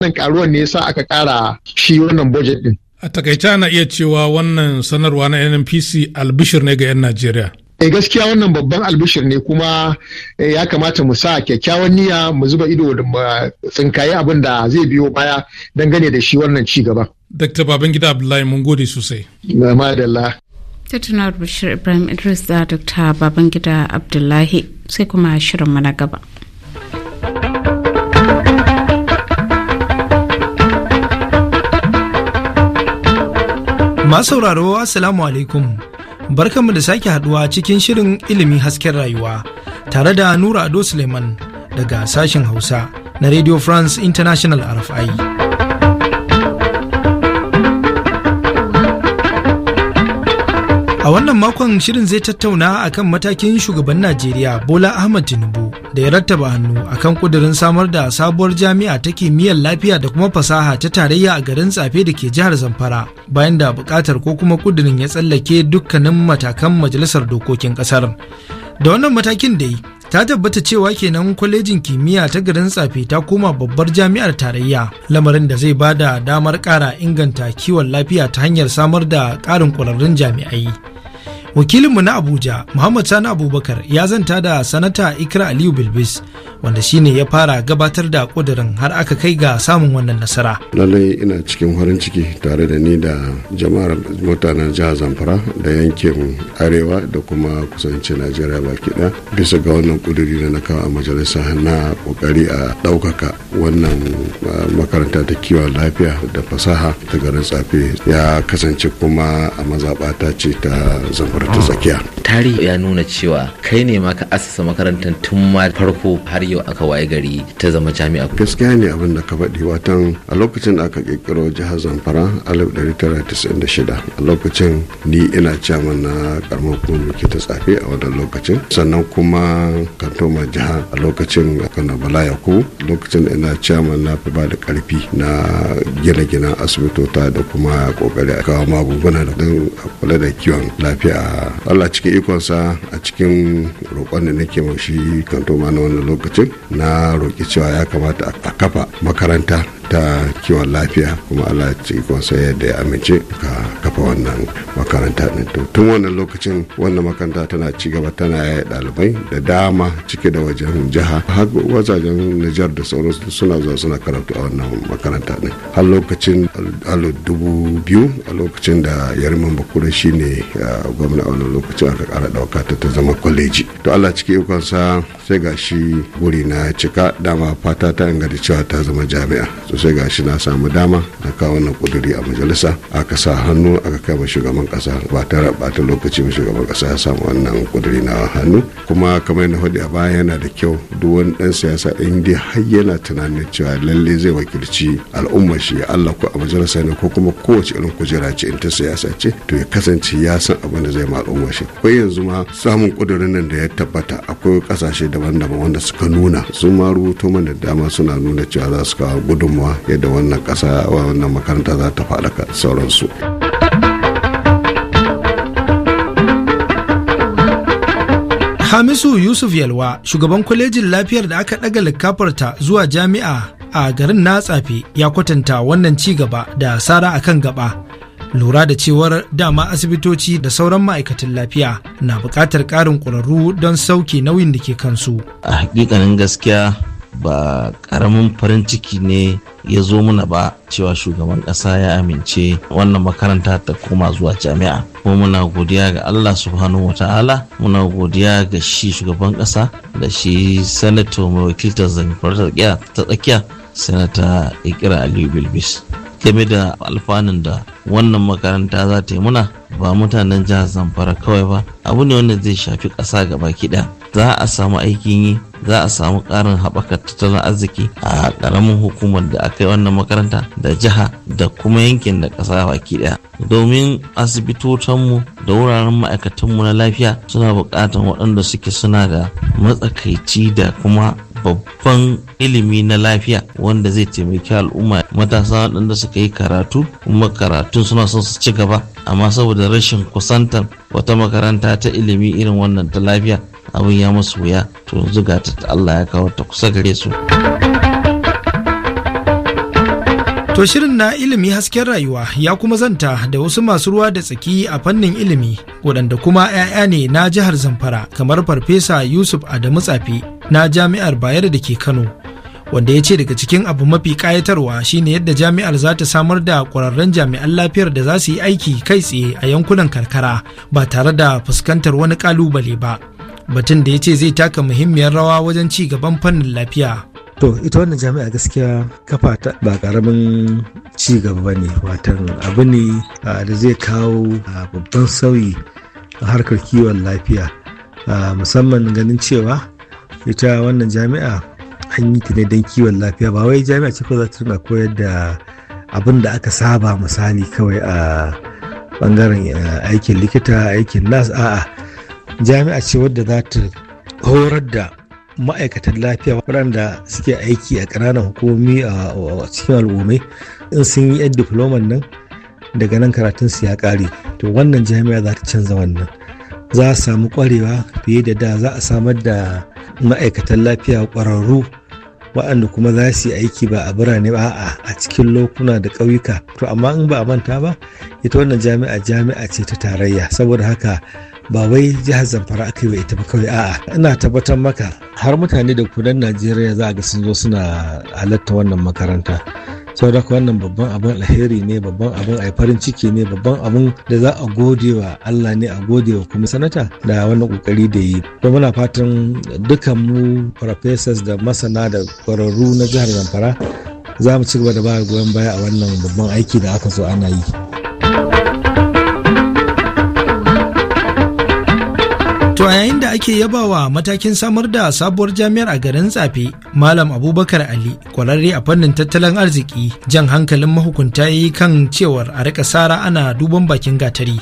wannan karuwan ne yasa aka kara shi wannan budget din a takaice ana iya cewa wannan sanarwa na nnpc albishir ne ga 'yan najeriya e gaskiya wannan babban albishir ne kuma eh, ya kamata mu sa kyakkyawan niyya mu zuba ido da tsinkaye abin da zai biyo baya dangane da shi wannan ci gaba. Dr. Babangida Abdullahi mun gode sosai. Madalla. Tattuna Bashir Ibrahim Idris da Dr. Babangida Abdullahi sai kuma shirin mana gaba. Masu sauraro Assalamu alaikum. Barkanmu da sake haduwa cikin shirin ilimi hasken rayuwa tare da Nura Ado Suleiman daga sashen Hausa na Radio France International RFI. A wannan makon shirin zai tattauna a kan matakin shugaban Najeriya Bola Ahmad Tinubu da ya rattaba hannu akan kudirin samar da sabuwar jami'a ta kimiyyar lafiya da kuma fasaha ta tarayya a garin tsafe da ke jihar Zamfara bayan da bukatar ko kuma kudirin ya tsallake dukkanin matakan majalisar dokokin kasar. Da wannan matakin da yi ta tabbata cewa kenan kwalejin kimiyya ta garin tsafe ta koma babbar jami'ar tarayya lamarin da zai ba da damar kara inganta kiwon lafiya ta hanyar samar da karin ƙwararrun jami'ai. wakilinmu na abuja muhammad sani abubakar ya zanta da sanata ikra aliyu bilbis wanda shine ya fara gabatar da kudirin har aka kai ga samun wannan nasara lallai ina cikin farin ciki tare da ni da jama'ar mutanen jihar zamfara da yankin arewa da kuma kusanci najeriya baki ɗaya bisa ga wannan kuduri da na kawo a majalisa na kokari a ɗaukaka wannan makaranta ta kiwon lafiya da fasaha ta garin tsafe ya kasance kuma a mazaɓata ce ta zamfara as I can. tarihi ya nuna cewa kai ne ma ka asasa makarantar tun ma farko har yau aka waye gari ta zama jami'a gaskiya ne abin da ka faɗi watan a lokacin da aka kirkiro jihar zamfara 1996 a lokacin ni ina chairman na karamar kuma ke ta tsafe a wannan lokacin sannan kuma kantoma jiha a lokacin kano bala yakubu lokacin da ina chairman na fi ba da karfi na gina ginen asibitota da kuma kokari a kawo magunguna da kula da kiwon lafiya allah cikin ikonsa a cikin roƙon da nake ma shi kantoma na wannan lokacin na roƙi cewa ya kamata a kafa makaranta ta kiwon lafiya kuma Allah ci sai yadda ya amince ka kafa wannan makaranta din to tun wannan lokacin wannan makaranta tana ci gaba tana yaya dalibai da dama cike da wajen jiha har wajajen Nijar da sauransu suna zuwa suna karatu a wannan makaranta din har lokacin alo dubu biyu a lokacin da yarman bakura shine gwamna a wannan lokacin aka kara dauka ta ta zama kwaleji to Allah cikin ikonsa sai ga shi guri na cika dama fata ta da cewa ta zama jami'a sosai ga shi na samu dama na kawo wannan kuduri a majalisa aka sa hannu aka kai wa shugaban kasa ba raba bata lokaci mai shugaban kasa ya samu wannan kuduri na hannu kuma kamar na faɗi a baya yana da kyau duk wani dan siyasa in dai har yana tunanin cewa lalle zai wakilci al'ummar shi Allah ko a majalisa ne ko kuma kowace irin kujera ce in ta siyasa ce to ya kasance ya san abin da zai ma al'ummar shi ko yanzu ma samun kudurin nan da ya tabbata akwai kasashe daban-daban wanda suka nuna sun ma rubuto mana dama suna nuna cewa za su kawo gudunmawa gudunmawa yadda wannan wa wannan makaranta za ta faɗaka sauransu. Hamisu Yusuf Yalwa, shugaban kwalejin lafiyar da aka ɗaga likafarta zuwa jami'a a garin Natsafe ya kwatanta wannan ci gaba da sara a kan gaba. Lura da cewar dama asibitoci da sauran ma'aikatan lafiya na buƙatar ƙarin ƙwararru don sauke nauyin da ke kansu. A hakikanin gaskiya ba ƙaramin farin ciki ne ya zo mana ba cewa shugaban ƙasa ya amince wannan makaranta ta koma zuwa jami'a kuma muna godiya ga Allah subhanahu wa ta'ala muna godiya ga shi shugaban ƙasa da shi sanato mai wakiltar zamfara ta tsakiya sanata ikira aliyu bilbis game da alfanun da wannan makaranta za ta yi muna ba mutanen jihar zamfara kawai ba abu ne wanda zai shafi ƙasa gaba kiɗa za a samu aikin yi za a samu ƙarin haɓaka tattalin arziki a ƙaramin hukumar da aka yi wannan makaranta da jiha da kuma yankin da ƙasa baki ɗaya domin asibitotanmu da wuraren ma'aikatanmu na lafiya suna buƙatar waɗanda suke suna da matsakaici da kuma babban ilimi na lafiya wanda zai taimaki al'umma matasa waɗanda suka yi karatu kuma karatun suna son su ci gaba amma saboda rashin kusantar wata makaranta ta ilimi irin wannan ta lafiya abin ya musu wuya to yanzu ta Allah ya kawo ta kusa gare su. To shirin na ilimi hasken rayuwa ya kuma zanta da wasu masu ruwa da tsaki a fannin ilimi waɗanda kuma 'ya'ya ne na jihar Zamfara kamar Farfesa Yusuf Adamu Tsafi na jami'ar bayero da ke kano wanda ya ce daga cikin abu mafi kayatarwa shine yadda jami'ar za ta samar da ƙwararren jami'an lafiyar da za su yi aiki kai tsaye a yankunan karkara ba tare da fuskantar wani kalubale ba batun da ya ce zai taka muhimmiyar rawa wajen ci gaban fannin lafiya to ita wannan jami'a gaskiya kafa ta ba karamin ci gaba ba ne watan abu ne da zai kawo babban sauyi a harkar kiwon lafiya musamman ganin cewa ita wannan jami'a an yi ta ne don kiwon lafiya ba wai jami'a ce ko za ta rinka koyar da abin da aka saba misali kawai a bangaren eh, aikin likita aikin nas a'a jami'a ce wadda za ta horar da ma'aikatan lafiya waɗanda suke aiki a ƙananan hukumomi a cikin al'ummai in sun yi yan diploman nan daga nan karatun su ya ƙare to wannan jami'a za ta canza wannan za a samu kwarewa fiye da da za a samar da ma'aikatan lafiya kwararru waɗanda kuma za su yi aiki ba a birane ba a cikin lokuna da ƙauyuka to amma in ba a manta ba ita wannan jami'a jami'a ce ta tarayya saboda haka ba wai jihar zamfara aka yi wa ita ba kawai a'a ina tabbatar maka har mutane da kudan najeriya za a ga sun zo suna halatta wannan makaranta Sau da wannan babban abin alheri ne babban abin ai farin ciki ne babban abin da za a gode wa Allah ne a gode wa kuma sanata da wannan kokari da yi to muna fatan dukan mu professors da masana da kwararru na jihar Zamfara za mu ci gaba da ba goyon baya a wannan babban aiki da aka so ana yi. To a yayin da ake yabawa matakin samar da sabuwar jami'ar a garin Tsafe, Malam Abubakar Ali, kwararre a fannin tattalin arziki, jan hankalin mahukunta yi kan cewar a rika sara ana duban bakin gatari.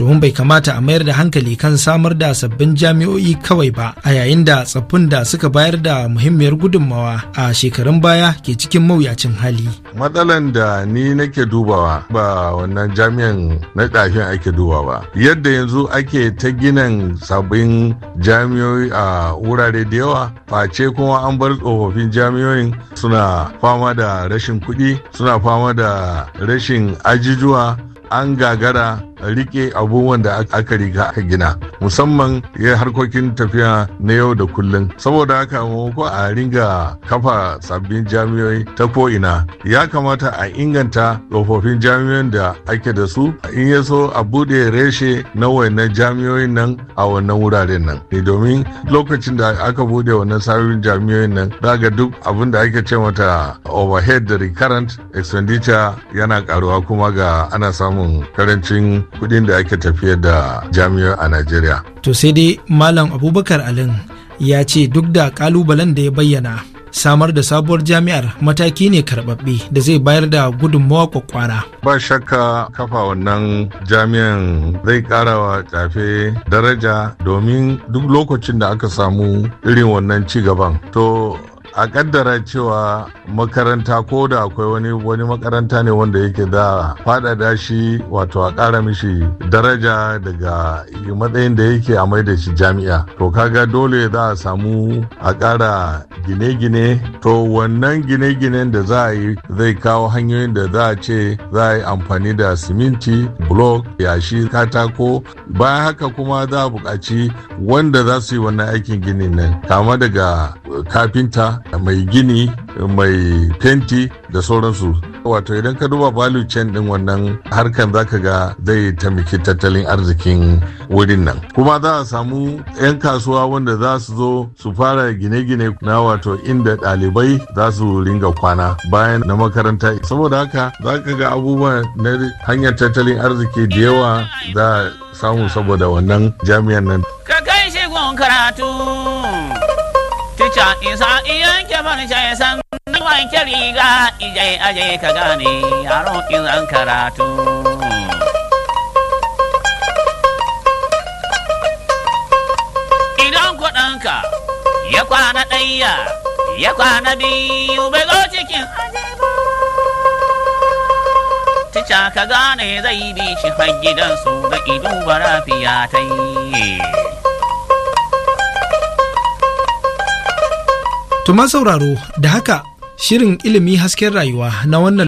domin bai kamata a mayar da hankali kan samar da sabbin jami'o'i kawai ba a yayin da tsaffin da suka bayar da muhimmiyar gudunmawa a shekarun baya ke cikin mawuyacin hali. Matsalan da ni nake dubawa ba wannan jami'an na ɗafin ake duba ba. Yadda yanzu ake ta ginin sabbin jami'oi a wurare da yawa face kuma an bar tsofaffin jami'oin suna fama da rashin kuɗi suna fama da rashin ajijuwa an gagara rike abubuwan da aka riga aka gina musamman ya harkokin tafiya na yau da kullum saboda haka ko a ringa kafa sabbin jami'oi ta ko'ina ya kamata a inganta tsofaffin jami'oin da ake da su in ya so a bude reshe na wannan jami'oin nan a wannan wuraren nan eh, domin lokacin da aka bude wannan sabbin jami'oin nan ga duk abin da ake ce mata overhead da recurrent expenditure yana karuwa kuma ga ana samun karancin kudin da ake tafiyar da jami'ar a Najeriya. To sai dai Malam Abubakar Alin ya ce duk da kalubalen da ya bayyana samar da sabuwar jami'ar mataki ne karbabbe da zai bayar da gudunmawa kwakwara. Ba shakka kafa wannan jami'an zai karawa tafe daraja domin duk lokacin da aka samu irin wannan ci gaban. To a kaddara cewa makaranta ko da akwai wani wani makaranta ne wanda yake da faɗaɗa shi wato a ƙara mishi daraja daga matsayin da yake a mai da shi jami'a to kaga dole za a samu a ƙara gine-gine to wannan gine-ginen da za a yi zai kawo hanyoyin da za a ce za a yi amfani da siminti blok yashi katako bayan haka kuma za a buƙaci wanda za su yi wannan aikin gini nan kama daga kafinta mai gini mai fenti da sauransu wato idan ka duba value chain din wannan harkan zaka ga zai taimaki tattalin arzikin wurin nan kuma za a samu 'yan kasuwa wanda za su zo su fara gine-gine na wato inda ɗalibai za su ringa kwana bayan na makaranta saboda haka za ka ga abubuwa na hanyar tattalin arziki da yawa za samu saboda wannan jami'an nan ka karatu Ka isa iyan ke farca ya san wanke riga ijai aje ka gane yaro in karatu idan kuɗinka ya kwana ɗaya ya kwana biyu bai zo cikin tica ka gane zai bi shi har gidansu da ido bara fiya ta yi To sauraro da haka shirin ilimi hasken rayuwa na wannan